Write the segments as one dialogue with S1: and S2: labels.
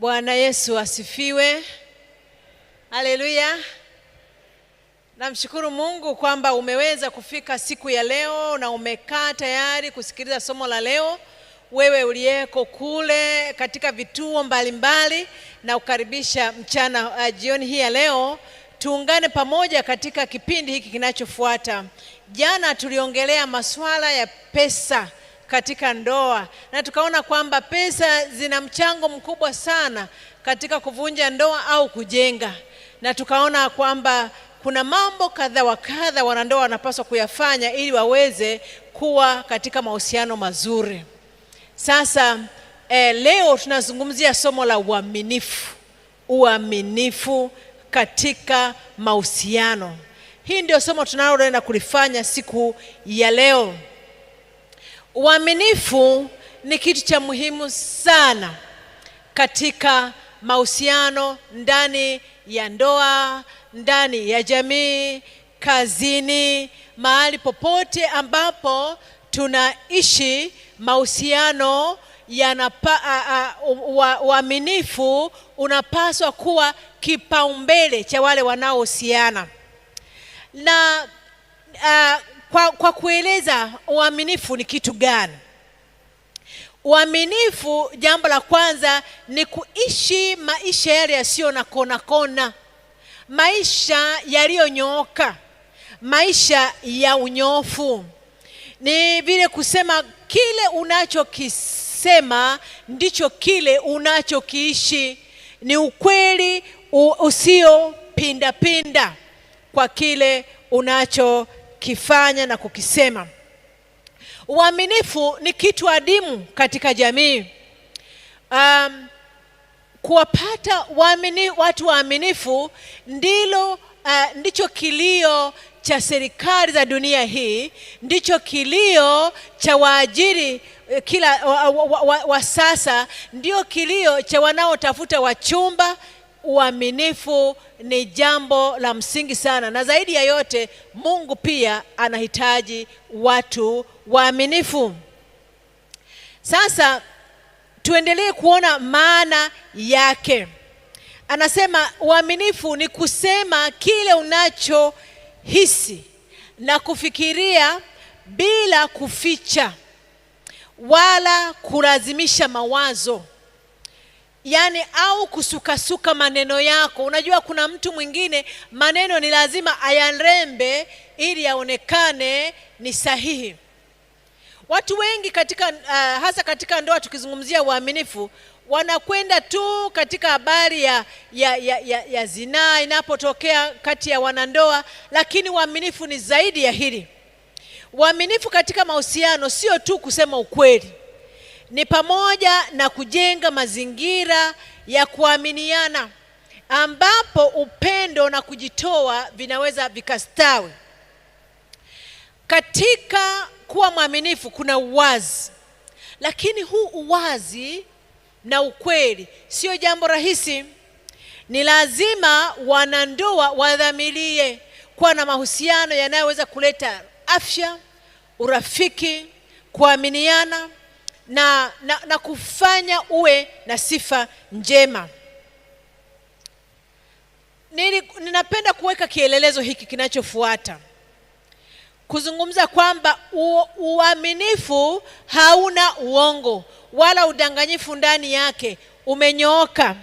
S1: Bwana Yesu asifiwe. Haleluya. Namshukuru Mungu kwamba umeweza kufika siku ya leo na umekaa tayari kusikiliza somo la leo. Wewe uliyeko kule katika vituo mbalimbali mbali, na ukaribisha mchana uh, jioni hii ya leo tuungane pamoja katika kipindi hiki kinachofuata. Jana tuliongelea masuala ya pesa katika ndoa, na tukaona kwamba pesa zina mchango mkubwa sana katika kuvunja ndoa au kujenga, na tukaona kwamba kuna mambo kadha wa kadha wanandoa wanapaswa kuyafanya ili waweze kuwa katika mahusiano mazuri. Sasa eh, leo tunazungumzia somo la uaminifu, uaminifu katika mahusiano. Hii ndio somo tunaloenda kulifanya siku ya leo. Uaminifu ni kitu cha muhimu sana katika mahusiano ndani ya ndoa, ndani ya jamii, kazini, mahali popote ambapo tunaishi. Mahusiano yana uaminifu unapaswa kuwa kipaumbele cha wale wanaohusiana na a, kwa, kwa kueleza uaminifu ni kitu gani. Uaminifu, jambo la kwanza ni kuishi maisha yale yasiyo na kona kona, maisha yaliyonyooka, maisha ya unyofu. Ni vile kusema kile unachokisema ndicho kile unachokiishi. Ni ukweli usiopindapinda kwa kile unacho kukifanya na kukisema. Uaminifu ni kitu adimu katika jamii. Um, kuwapata waamini, watu waaminifu ndilo uh, ndicho kilio cha serikali za dunia hii, ndicho kilio cha waajiri eh, kila wa, wa, wa, wa sasa, ndio kilio cha wanaotafuta wachumba uaminifu ni jambo la msingi sana, na zaidi ya yote Mungu pia anahitaji watu waaminifu. Sasa tuendelee kuona maana yake. Anasema uaminifu ni kusema kile unachohisi na kufikiria bila kuficha wala kulazimisha mawazo yaani au kusukasuka maneno yako unajua kuna mtu mwingine maneno ni lazima ayarembe ili yaonekane ni sahihi watu wengi katika uh, hasa katika ndoa tukizungumzia uaminifu wanakwenda tu katika habari ya, ya, ya, ya, ya zinaa inapotokea kati ya wanandoa lakini uaminifu ni zaidi ya hili uaminifu katika mahusiano sio tu kusema ukweli ni pamoja na kujenga mazingira ya kuaminiana ambapo upendo na kujitoa vinaweza vikastawi. Katika kuwa mwaminifu kuna uwazi, lakini huu uwazi na ukweli sio jambo rahisi. Ni lazima wanandoa wadhamirie kuwa na mahusiano yanayoweza kuleta afya, urafiki, kuaminiana na, na, na kufanya uwe na sifa njema. Nili, ninapenda kuweka kielelezo hiki kinachofuata kuzungumza kwamba u, uaminifu hauna uongo wala udanganyifu ndani yake, umenyooka.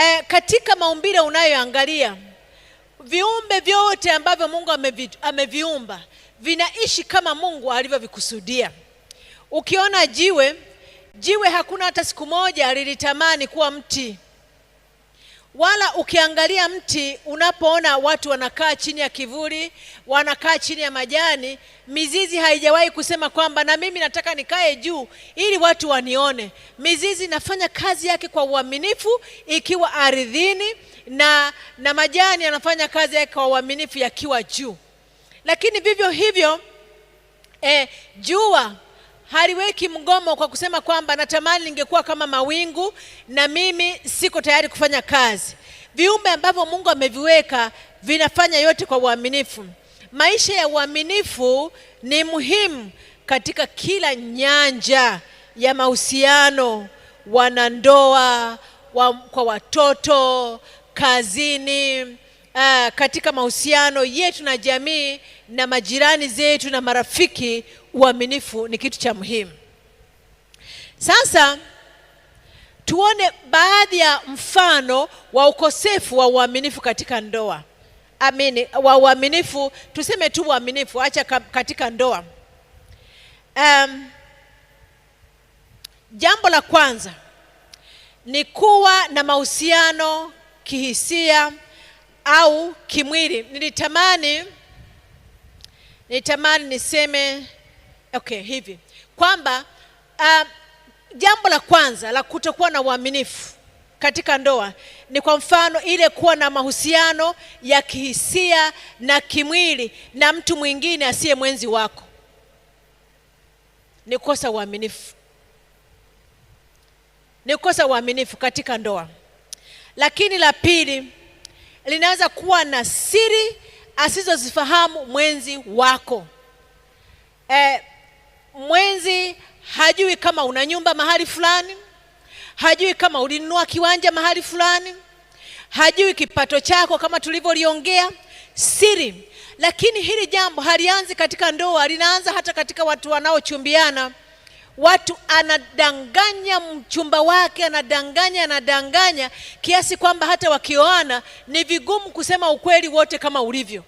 S1: E, katika maumbile unayoangalia viumbe vyote ambavyo Mungu ameviumba vinaishi kama Mungu alivyovikusudia. Ukiona jiwe, jiwe hakuna hata siku moja lilitamani kuwa mti, wala ukiangalia mti, unapoona watu wanakaa chini ya kivuli, wanakaa chini ya majani, mizizi haijawahi kusema kwamba na mimi nataka nikae juu ili watu wanione. Mizizi inafanya kazi yake kwa uaminifu ikiwa ardhini, na, na majani yanafanya kazi yake kwa uaminifu yakiwa juu. Lakini vivyo hivyo eh, jua haliweki mgomo kwa kusema kwamba natamani ningekuwa kama mawingu na mimi siko tayari kufanya kazi. Viumbe ambavyo Mungu ameviweka vinafanya yote kwa uaminifu. Maisha ya uaminifu ni muhimu katika kila nyanja ya mahusiano, wanandoa wa, kwa watoto, kazini, uh, katika mahusiano yetu na jamii na majirani zetu na marafiki uaminifu ni kitu cha muhimu. Sasa tuone baadhi ya mfano wa ukosefu wa uaminifu katika ndoa. Amini, wa uaminifu tuseme tu uaminifu, acha katika ndoa. Um, jambo la kwanza ni kuwa na mahusiano kihisia au kimwili. Nilitamani nilitamani niseme okay, hivi kwamba uh, jambo la kwanza la kutokuwa na uaminifu katika ndoa ni kwa mfano ile kuwa na mahusiano ya kihisia na kimwili na mtu mwingine asiye mwenzi wako, ni kukosa uaminifu, ni kukosa uaminifu katika ndoa. Lakini la pili linaweza kuwa na siri asizozifahamu mwenzi wako eh, mwenzi hajui kama una nyumba mahali fulani, hajui kama ulinunua kiwanja mahali fulani, hajui kipato chako kama tulivyoliongea siri. Lakini hili jambo halianzi katika ndoa, linaanza hata katika watu wanaochumbiana. Watu anadanganya mchumba wake, anadanganya, anadanganya kiasi kwamba hata wakioana ni vigumu kusema ukweli wote kama ulivyo.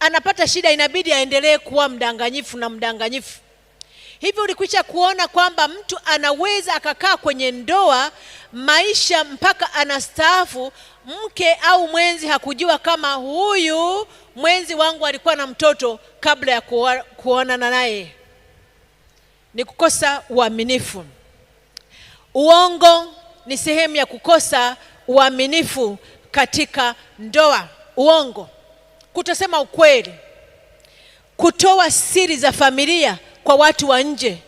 S1: Anapata shida, inabidi aendelee kuwa mdanganyifu na mdanganyifu. Hivyo ulikwisha kuona kwamba mtu anaweza akakaa kwenye ndoa maisha mpaka anastaafu, mke au mwenzi hakujua kama huyu mwenzi wangu alikuwa na mtoto kabla ya kuonana naye. Ni kukosa uaminifu. Uongo ni sehemu ya kukosa uaminifu katika ndoa. Uongo, kutosema ukweli, kutoa siri za familia kwa watu wa nje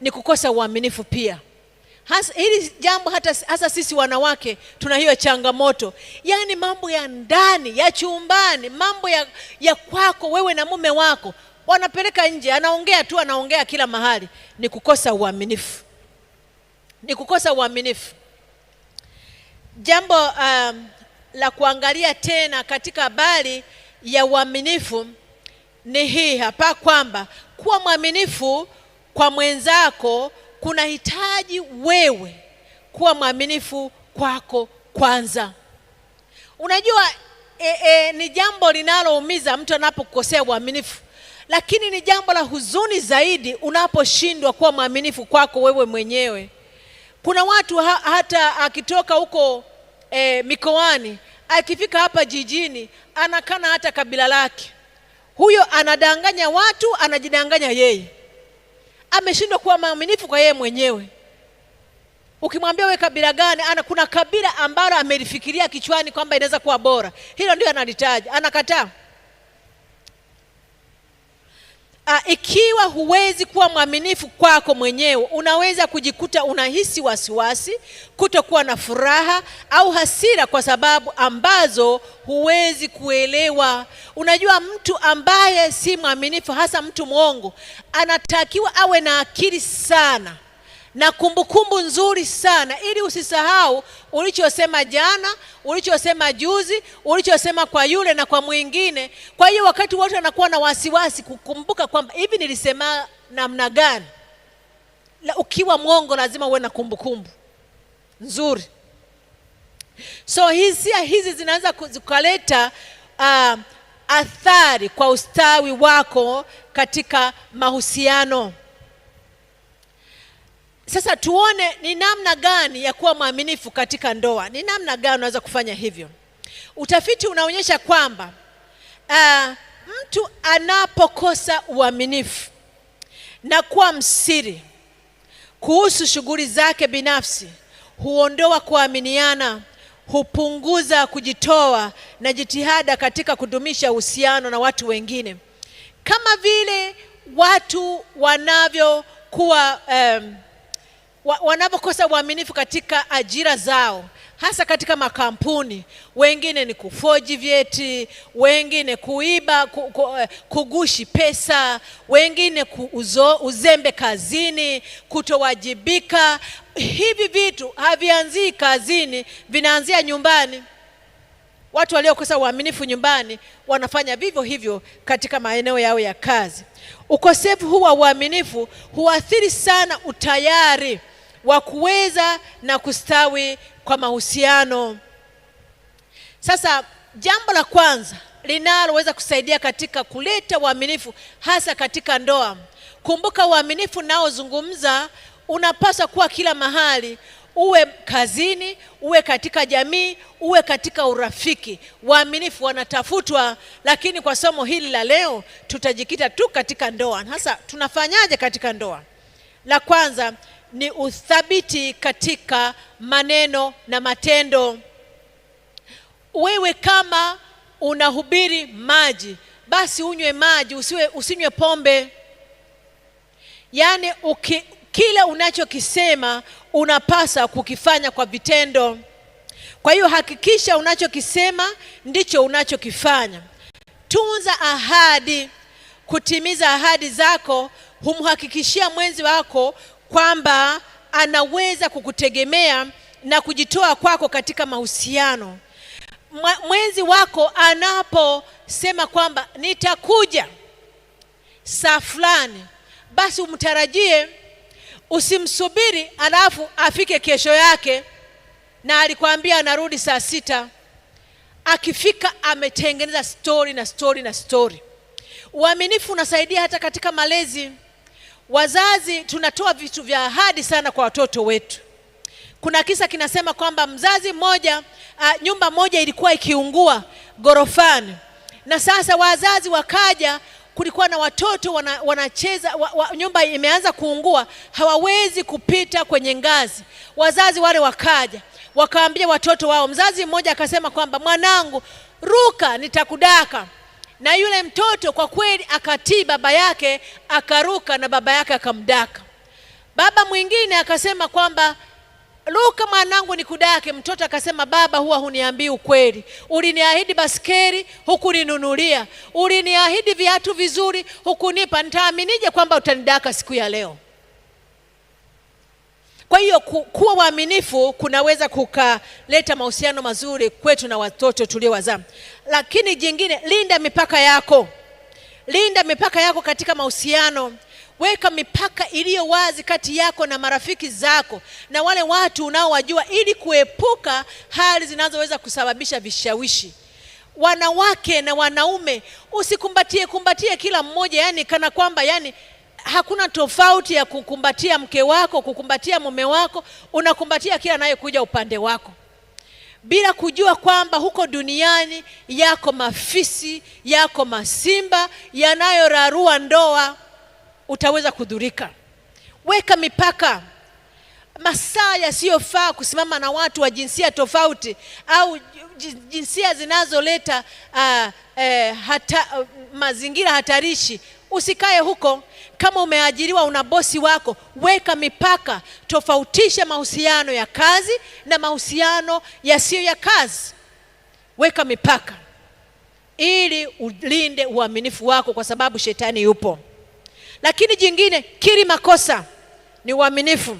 S1: ni kukosa uaminifu pia. Has, hili jambo hata hasa sisi wanawake tuna hiyo changamoto, yaani mambo ya ndani ya chumbani, mambo ya, ya kwako wewe na mume wako wanapeleka nje, anaongea tu, anaongea kila mahali. Ni kukosa uaminifu, ni kukosa uaminifu. Jambo um, la kuangalia tena katika habari ya uaminifu ni hii hapa kwamba kuwa mwaminifu kwa mwenzako kunahitaji wewe kuwa mwaminifu kwako kwanza. Unajua e, e, ni jambo linaloumiza mtu anapokosea uaminifu, lakini ni jambo la huzuni zaidi unaposhindwa kuwa mwaminifu kwako wewe mwenyewe. Kuna watu ha, hata akitoka huko e, mikoani akifika hapa jijini anakana hata kabila lake huyo anadanganya watu, anajidanganya yeye, ameshindwa kuwa mwaminifu kwa yeye mwenyewe. Ukimwambia we kabila gani, ana kuna kabila ambalo amelifikiria kichwani kwamba inaweza kuwa bora, hilo ndio analitaja, anakataa. Uh, ikiwa huwezi kuwa mwaminifu kwako mwenyewe, unaweza kujikuta unahisi wasiwasi, kutokuwa na furaha au hasira kwa sababu ambazo huwezi kuelewa. Unajua, mtu ambaye si mwaminifu, hasa mtu mwongo, anatakiwa awe na akili sana na kumbukumbu -kumbu nzuri sana, ili usisahau ulichosema jana, ulichosema juzi, ulichosema kwa yule na kwa mwingine. Kwa hiyo wakati wote anakuwa na wasiwasi kukumbuka kwamba hivi nilisema namna gani. La, ukiwa mwongo lazima uwe na kumbukumbu nzuri. So hisia hizi zinaweza kukaleta uh, ah, athari kwa ustawi wako katika mahusiano sasa tuone ni namna gani ya kuwa mwaminifu katika ndoa ni namna gani unaweza kufanya hivyo utafiti unaonyesha kwamba uh, mtu anapokosa uaminifu na kuwa msiri kuhusu shughuli zake binafsi huondoa kuaminiana hupunguza kujitoa na jitihada katika kudumisha uhusiano na watu wengine kama vile watu wanavyokuwa um, wa, wanapokosa uaminifu katika ajira zao hasa katika makampuni, wengine ni kufoji vyeti, wengine kuiba, eh, kugushi pesa, wengine kuuzo, uzembe kazini, kutowajibika. Hivi vitu havianzii kazini, vinaanzia nyumbani. Watu waliokosa uaminifu nyumbani wanafanya vivyo hivyo katika maeneo yao ya kazi. Ukosefu huu wa uaminifu huathiri sana utayari wa kuweza na kustawi kwa mahusiano. Sasa jambo la kwanza linaloweza kusaidia katika kuleta uaminifu hasa katika ndoa, kumbuka uaminifu unaozungumza unapaswa kuwa kila mahali, uwe kazini, uwe katika jamii, uwe katika urafiki. Waaminifu wanatafutwa, lakini kwa somo hili la leo tutajikita tu katika ndoa. Hasa tunafanyaje katika ndoa? La kwanza ni uthabiti katika maneno na matendo. Wewe kama unahubiri maji, basi unywe maji, usiwe usinywe pombe. Yaani uki, kila unachokisema unapasa kukifanya kwa vitendo. Kwa hiyo hakikisha unachokisema ndicho unachokifanya. Tunza ahadi. Kutimiza ahadi zako humhakikishia mwenzi wako kwamba anaweza kukutegemea na kujitoa kwako katika mahusiano. Mwenzi wako anaposema kwamba nitakuja saa fulani, basi umtarajie, usimsubiri alafu afike kesho yake na alikwambia anarudi saa sita. Akifika ametengeneza stori na stori na stori. Uaminifu unasaidia hata katika malezi. Wazazi tunatoa vitu vya ahadi sana kwa watoto wetu. Kuna kisa kinasema kwamba mzazi mmoja uh, nyumba moja ilikuwa ikiungua gorofani, na sasa wazazi wakaja, kulikuwa na watoto wana, wanacheza wa, wa, nyumba imeanza kuungua, hawawezi kupita kwenye ngazi. Wazazi wale wakaja wakaambia watoto wao, mzazi mmoja akasema kwamba mwanangu, ruka nitakudaka na yule mtoto kwa kweli akatii baba yake, akaruka na baba yake akamdaka. Baba mwingine akasema kwamba Luka, mwanangu ni kudake. Mtoto akasema, baba, huwa huniambii ukweli. Uliniahidi basikeli, hukuninunulia. Uliniahidi viatu vizuri, hukunipa. Nitaaminije kwamba utanidaka siku ya leo? Kwa hiyo kuwa waaminifu kunaweza kukaleta mahusiano mazuri kwetu na watoto tuliowazaa. Lakini jingine, linda mipaka yako, linda mipaka yako katika mahusiano. Weka mipaka iliyo wazi kati yako na marafiki zako na wale watu unaowajua, ili kuepuka hali zinazoweza kusababisha vishawishi. Wanawake na wanaume, usikumbatie kumbatie kila mmoja, yani kana kwamba yani hakuna tofauti ya kukumbatia mke wako, kukumbatia mume wako, unakumbatia kila anayekuja upande wako bila kujua kwamba huko duniani yako mafisi, yako masimba yanayorarua ndoa. Utaweza kudhurika. Weka mipaka. Masaa yasiyofaa kusimama na watu wa jinsia tofauti au jinsia zinazoleta uh, eh, hata, uh, mazingira hatarishi Usikae huko. Kama umeajiriwa, una bosi wako, weka mipaka, tofautisha mahusiano ya kazi na mahusiano yasiyo ya kazi. Weka mipaka ili ulinde uaminifu wako, kwa sababu shetani yupo. Lakini jingine, kiri makosa, ni uaminifu.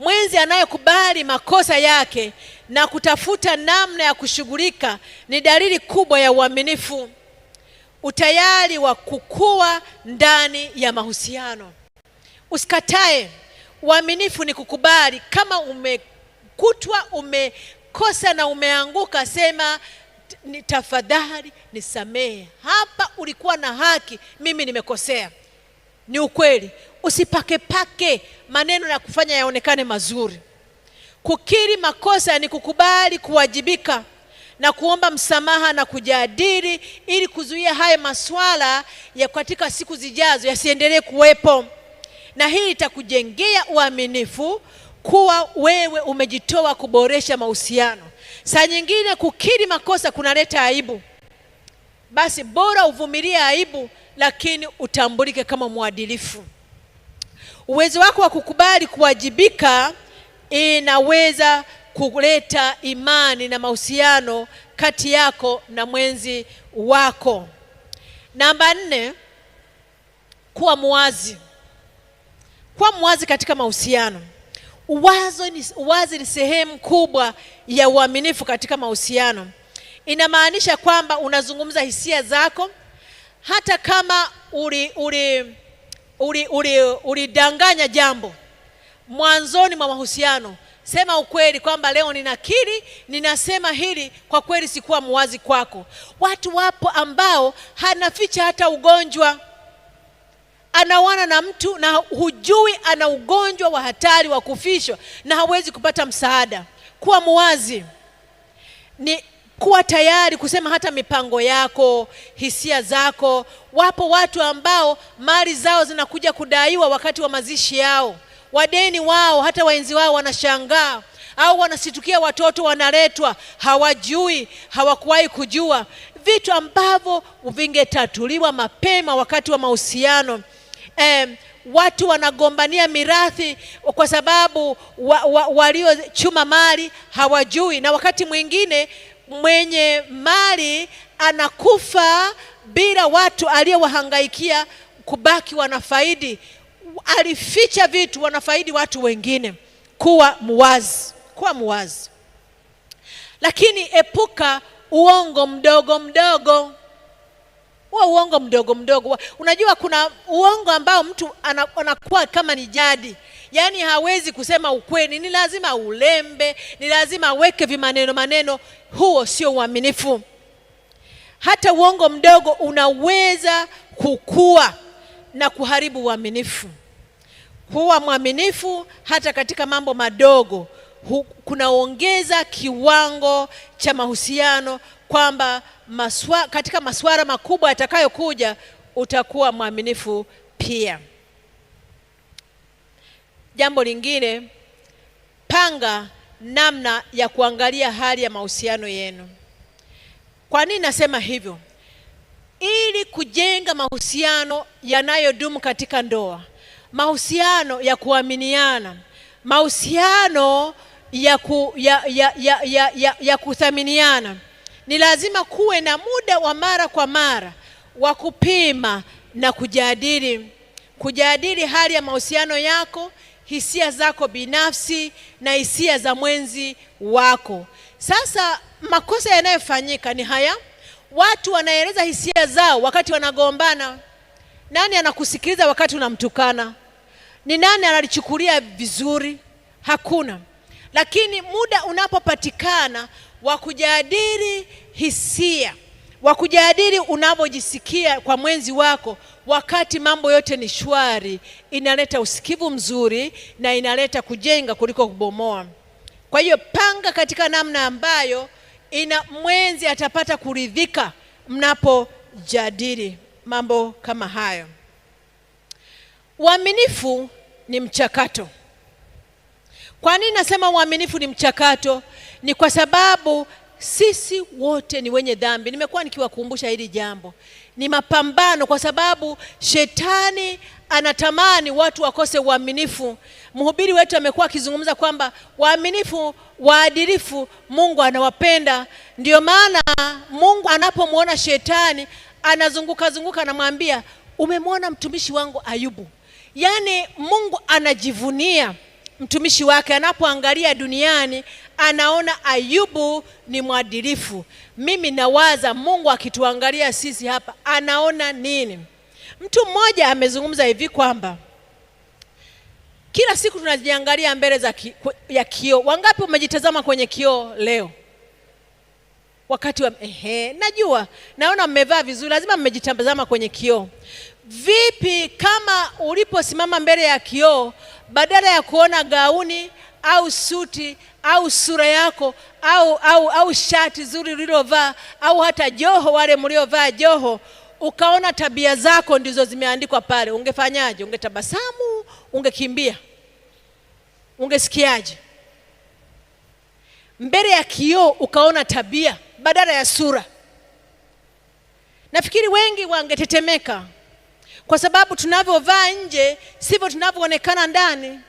S1: Mwenzi anayekubali makosa yake na kutafuta namna ya kushughulika ni dalili kubwa ya uaminifu utayari wa kukua ndani ya mahusiano. Usikatae. Uaminifu ni kukubali. Kama umekutwa umekosa na umeanguka, sema ni tafadhali nisamehe, hapa ulikuwa na haki, mimi nimekosea. Ni ukweli. Usipakepake maneno na kufanya yaonekane mazuri. Kukiri makosa ni kukubali kuwajibika na kuomba msamaha na kujadili ili kuzuia haya maswala ya katika siku zijazo yasiendelee kuwepo, na hii itakujengea uaminifu kuwa wewe umejitoa kuboresha mahusiano. Saa nyingine kukiri makosa kunaleta aibu, basi bora uvumilie aibu, lakini utambulike kama mwadilifu. Uwezo wako wa kukubali kuwajibika inaweza kuleta imani na mahusiano kati yako na mwenzi wako. Namba nne, kuwa mwazi. Kuwa mwazi katika mahusiano. Uwazo ni, uwazi ni sehemu kubwa ya uaminifu katika mahusiano. Inamaanisha kwamba unazungumza hisia zako hata kama ulidanganya uli, uli, uli, uri jambo mwanzoni mwa mahusiano sema ukweli kwamba leo ninakiri, ninasema hili kwa kweli, sikuwa muwazi kwako. Watu wapo ambao hanaficha hata ugonjwa, anawana na mtu na hujui ana ugonjwa wa hatari wa kufishwa na hawezi kupata msaada. Kuwa muwazi ni kuwa tayari kusema hata mipango yako, hisia zako. Wapo watu ambao mali zao zinakuja kudaiwa wakati wa mazishi yao wadeni wao, hata waenzi wao wanashangaa au wanasitukia, watoto wanaletwa, hawajui, hawakuwahi kujua vitu ambavyo vingetatuliwa mapema wakati wa mahusiano. Eh, watu wanagombania mirathi kwa sababu wa, wa, waliochuma mali hawajui, na wakati mwingine mwenye mali anakufa bila watu aliyewahangaikia kubaki wanafaidi alificha vitu, wanafaidi watu wengine. Kuwa muwazi, kuwa muwazi, lakini epuka uongo mdogo mdogo huo uongo mdogo mdogo. Unajua, kuna uongo ambao mtu anakuwa kama ni jadi, yaani hawezi kusema ukweli, ni lazima ulembe, ni lazima aweke vimaneno maneno. Huo sio uaminifu. Hata uongo mdogo unaweza kukua na kuharibu uaminifu huwa mwaminifu hata katika mambo madogo kunaongeza kiwango cha mahusiano, kwamba maswa, katika masuala makubwa yatakayokuja utakuwa mwaminifu pia. Jambo lingine, panga namna ya kuangalia hali ya mahusiano yenu. Kwa nini nasema hivyo? Ili kujenga mahusiano yanayodumu katika ndoa mahusiano ya kuaminiana, mahusiano ya, ku, ya, ya, ya, ya, ya, ya kuthaminiana. Ni lazima kuwe na muda wa mara kwa mara wa kupima na kujadili kujadili hali ya mahusiano yako, hisia zako binafsi na hisia za mwenzi wako. Sasa makosa yanayofanyika ni haya: watu wanaeleza hisia zao wakati wanagombana. Nani anakusikiliza wakati unamtukana? Ni nani analichukulia vizuri? Hakuna. Lakini muda unapopatikana wa kujadili hisia, wa kujadili unavyojisikia kwa mwenzi wako, wakati mambo yote ni shwari, inaleta usikivu mzuri na inaleta kujenga kuliko kubomoa. Kwa hiyo panga katika namna ambayo ina mwenzi atapata kuridhika mnapojadili mambo kama hayo. Uaminifu ni mchakato. Kwa nini nasema uaminifu ni mchakato? Ni kwa sababu sisi wote ni wenye dhambi. Nimekuwa nikiwakumbusha hili jambo, ni mapambano, kwa sababu shetani anatamani watu wakose uaminifu. Mhubiri wetu amekuwa akizungumza kwamba waaminifu, waadilifu, Mungu anawapenda. ndio maana Mungu anapomwona shetani anazunguka zunguka, anamwambia umemwona mtumishi wangu Ayubu Yaani Mungu anajivunia mtumishi wake anapoangalia duniani anaona Ayubu ni mwadilifu. Mimi nawaza Mungu akituangalia sisi hapa anaona nini? Mtu mmoja amezungumza hivi kwamba kila siku tunajiangalia mbele za ki, ya kioo. Wangapi umejitazama kwenye kioo leo? Wakati wa ehe, najua naona mmevaa vizuri, lazima mmejitazama kwenye kioo. Vipi kama uliposimama mbele ya kioo, badala ya kuona gauni au suti au sura yako au, au, au shati zuri ulilovaa au hata joho, wale mliovaa joho, ukaona tabia zako ndizo zimeandikwa pale, ungefanyaje? Ungetabasamu? Ungekimbia? Ungesikiaje? Mbele ya kioo ukaona tabia badala ya sura, nafikiri wengi wangetetemeka kwa sababu tunavyovaa nje sivyo tunavyoonekana ndani.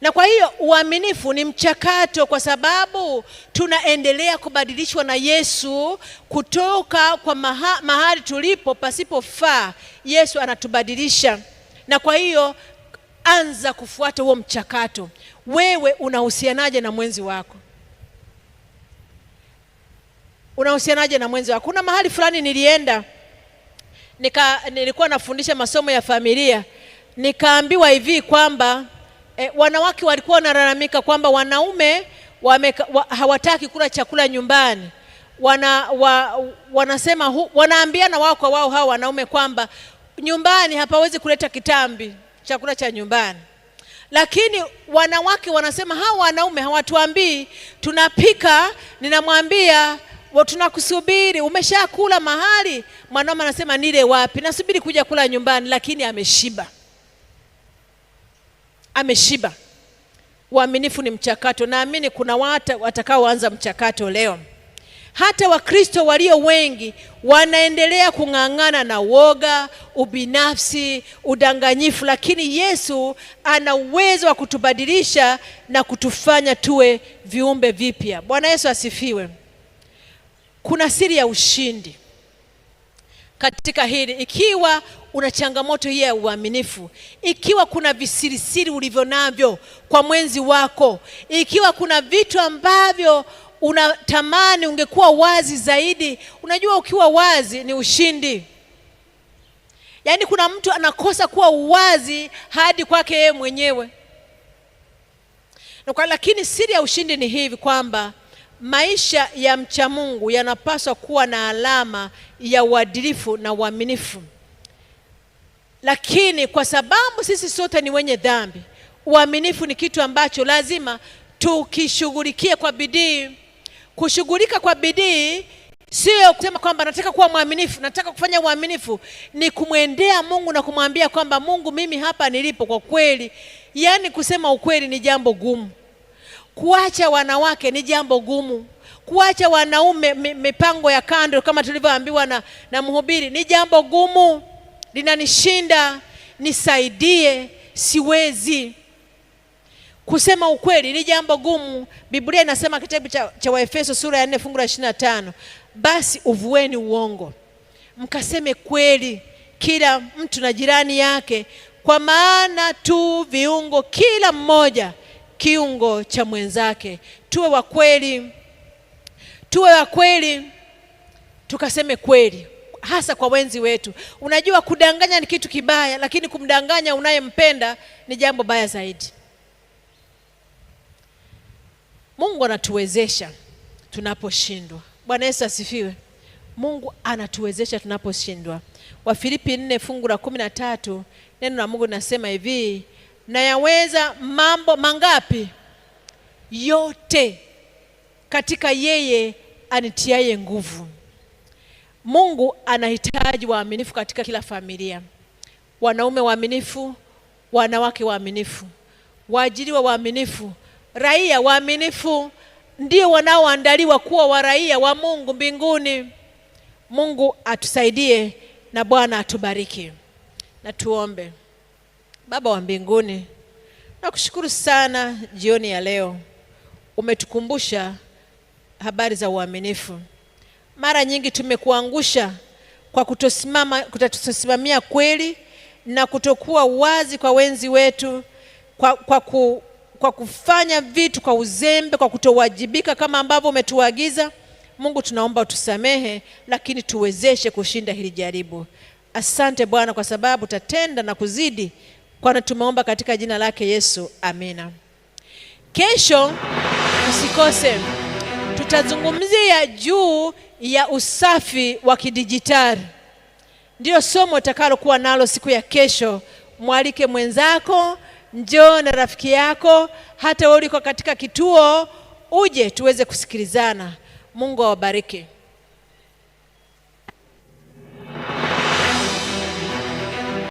S1: Na kwa hiyo uaminifu ni mchakato, kwa sababu tunaendelea kubadilishwa na Yesu kutoka kwa maha, mahali tulipo pasipofaa. Yesu anatubadilisha, na kwa hiyo anza kufuata huo mchakato. Wewe unahusianaje na mwenzi wako? Unahusianaje na mwenzi wako? Kuna mahali fulani nilienda nika, nilikuwa nafundisha masomo ya familia nikaambiwa hivi kwamba e, wanawake walikuwa wanalalamika kwamba wanaume wame, wa, hawataki kula chakula nyumbani wana, wa, wanasema hu, wanaambiana wao kwa wao hao wanaume kwamba nyumbani hapawezi kuleta kitambi chakula cha nyumbani, lakini wanawake wanasema hawa wanaume hawatuambii, tunapika, ninamwambia tunakusubiri, umeshakula mahali. Mwanaume anasema nile wapi? Nasubiri kuja kula nyumbani, lakini ameshiba, ameshiba. Uaminifu ni mchakato. Naamini kuna watu watakaoanza mchakato leo. Hata Wakristo walio wengi wanaendelea kung'ang'ana na woga, ubinafsi, udanganyifu, lakini Yesu ana uwezo wa kutubadilisha na kutufanya tuwe viumbe vipya. Bwana Yesu asifiwe. Kuna siri ya ushindi katika hili. Ikiwa una changamoto hii ya uaminifu, ikiwa kuna visirisiri ulivyo navyo kwa mwenzi wako, ikiwa kuna vitu ambavyo unatamani ungekuwa wazi zaidi. Unajua, ukiwa wazi ni ushindi. Yaani, kuna mtu anakosa kuwa uwazi hadi kwake yeye mwenyewe, lakini siri ya ushindi ni hivi kwamba Maisha ya mcha Mungu yanapaswa kuwa na alama ya uadilifu na uaminifu, lakini kwa sababu sisi sote ni wenye dhambi, uaminifu ni kitu ambacho lazima tukishughulikie kwa bidii. Kushughulika kwa bidii sio kusema kwamba nataka kuwa mwaminifu, nataka kufanya uaminifu. Ni kumwendea Mungu na kumwambia kwamba Mungu, mimi hapa nilipo, kwa kweli, yaani kusema ukweli ni jambo gumu. Kuacha wanawake ni jambo gumu. Kuacha wanaume mipango ya kando, kama tulivyoambiwa na, na mhubiri, ni jambo gumu, linanishinda. Nisaidie, siwezi. Kusema ukweli ni jambo gumu. Biblia inasema kitabu cha, cha Waefeso sura ya 4 fungu la 25, basi uvueni uongo mkaseme kweli kila mtu na jirani yake, kwa maana tu viungo kila mmoja kiungo cha mwenzake. Tuwe wa kweli, tuwe wa kweli, tukaseme kweli hasa kwa wenzi wetu. Unajua, kudanganya ni kitu kibaya, lakini kumdanganya unayempenda ni jambo baya zaidi. Mungu anatuwezesha tunaposhindwa. Bwana Yesu asifiwe. Mungu anatuwezesha tunaposhindwa. Wafilipi nne fungu la kumi na tatu neno la Mungu linasema hivi nayaweza mambo mangapi? Yote katika yeye anitiaye nguvu. Mungu anahitaji waaminifu katika kila familia, wanaume waaminifu, wanawake waaminifu, waajiriwa waaminifu, raia waaminifu, ndio wanaoandaliwa kuwa waraia wa Mungu mbinguni. Mungu atusaidie na Bwana atubariki. Na tuombe. Baba wa mbinguni, nakushukuru sana jioni ya leo, umetukumbusha habari za uaminifu. Mara nyingi tumekuangusha kwa kutosimama, kutosimamia kweli na kutokuwa wazi kwa wenzi wetu, kwa, kwa, ku, kwa kufanya vitu kwa uzembe, kwa kutowajibika kama ambavyo umetuagiza. Mungu, tunaomba utusamehe, lakini tuwezeshe kushinda hili jaribu. Asante Bwana kwa sababu utatenda na kuzidi Kwana tumeomba katika jina lake Yesu, amina. Kesho usikose, tutazungumzia juu ya usafi wa kidijitali. Ndiyo somo utakalokuwa nalo siku ya kesho. Mwalike mwenzako, njoo na rafiki yako, hata wewe uliko katika kituo, uje tuweze kusikilizana. Mungu awabariki.